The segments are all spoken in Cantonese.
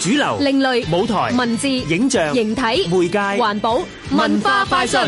主流、另類、舞台、文字、影像、形體、媒介、環保、文化快訊。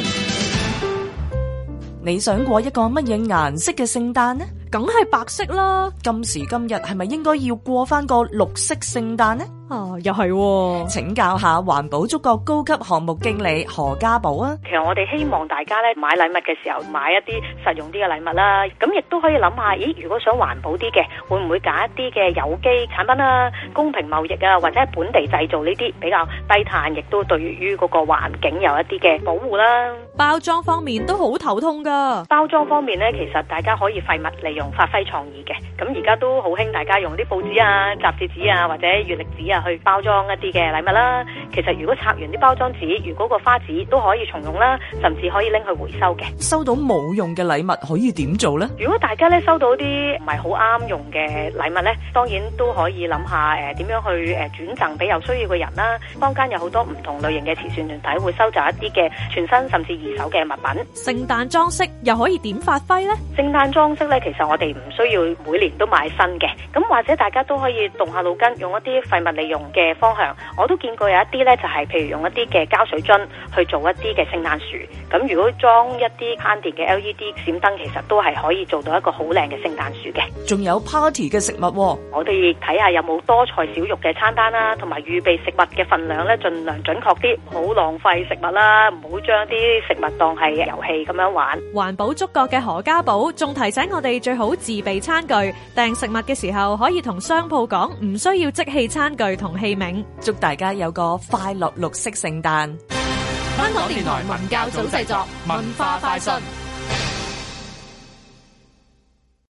你想過一個乜嘢顏色嘅聖誕呢？梗係白色啦。今時今日，係咪應該要過翻個綠色聖誕呢？啊、哦，又係，請教下環保觸覺高級項目經理何家寶啊！其實我哋希望大家咧買禮物嘅時候買一啲實用啲嘅禮物啦，咁亦都可以諗下，咦，如果想環保啲嘅，會唔會揀一啲嘅有機產品啦、啊、公平貿易啊，或者係本地製造呢啲比較低碳，亦都對於嗰個環境有一啲嘅保護啦。包裝方面都好頭痛噶，包裝方面咧，其實大家可以廢物利用，發揮創意嘅。咁而家都好興大家用啲報紙啊、雜誌紙啊或者月曆紙啊。去包裝一啲嘅禮物啦。其實如果拆完啲包裝紙，如果個花紙都可以重用啦，甚至可以拎去回收嘅。收到冇用嘅禮物可以點做呢？如果大家咧收到啲唔係好啱用嘅禮物呢，當然都可以諗下誒點樣去誒轉贈俾有需要嘅人啦。坊間有好多唔同類型嘅慈善團體會收集一啲嘅全新甚至二手嘅物品。聖誕裝飾又可以點發揮呢？聖誕裝飾呢，其實我哋唔需要每年都買新嘅。咁或者大家都可以動下腦筋，用一啲廢物嚟。用嘅方向，我都見過有一啲咧，就係譬如用一啲嘅膠水樽去做一啲嘅聖誕樹，咁如果裝一啲慳電嘅 LED 閃燈，其實都係可以做到一個好靚嘅聖誕樹嘅。仲有 party 嘅食物，哦，我哋睇下有冇多菜少肉嘅餐單啦，同埋預備食物嘅份量咧，盡量準確啲，唔好浪費食物啦，唔好將啲食物當係遊戲咁樣玩。環保觸角嘅何家寶仲提醒我哋最好自備餐具，訂食物嘅時候可以同商鋪講，唔需要即棄餐具。同器皿，祝大家有個快樂綠色聖誕，香港電台文教組製作，文化快訊。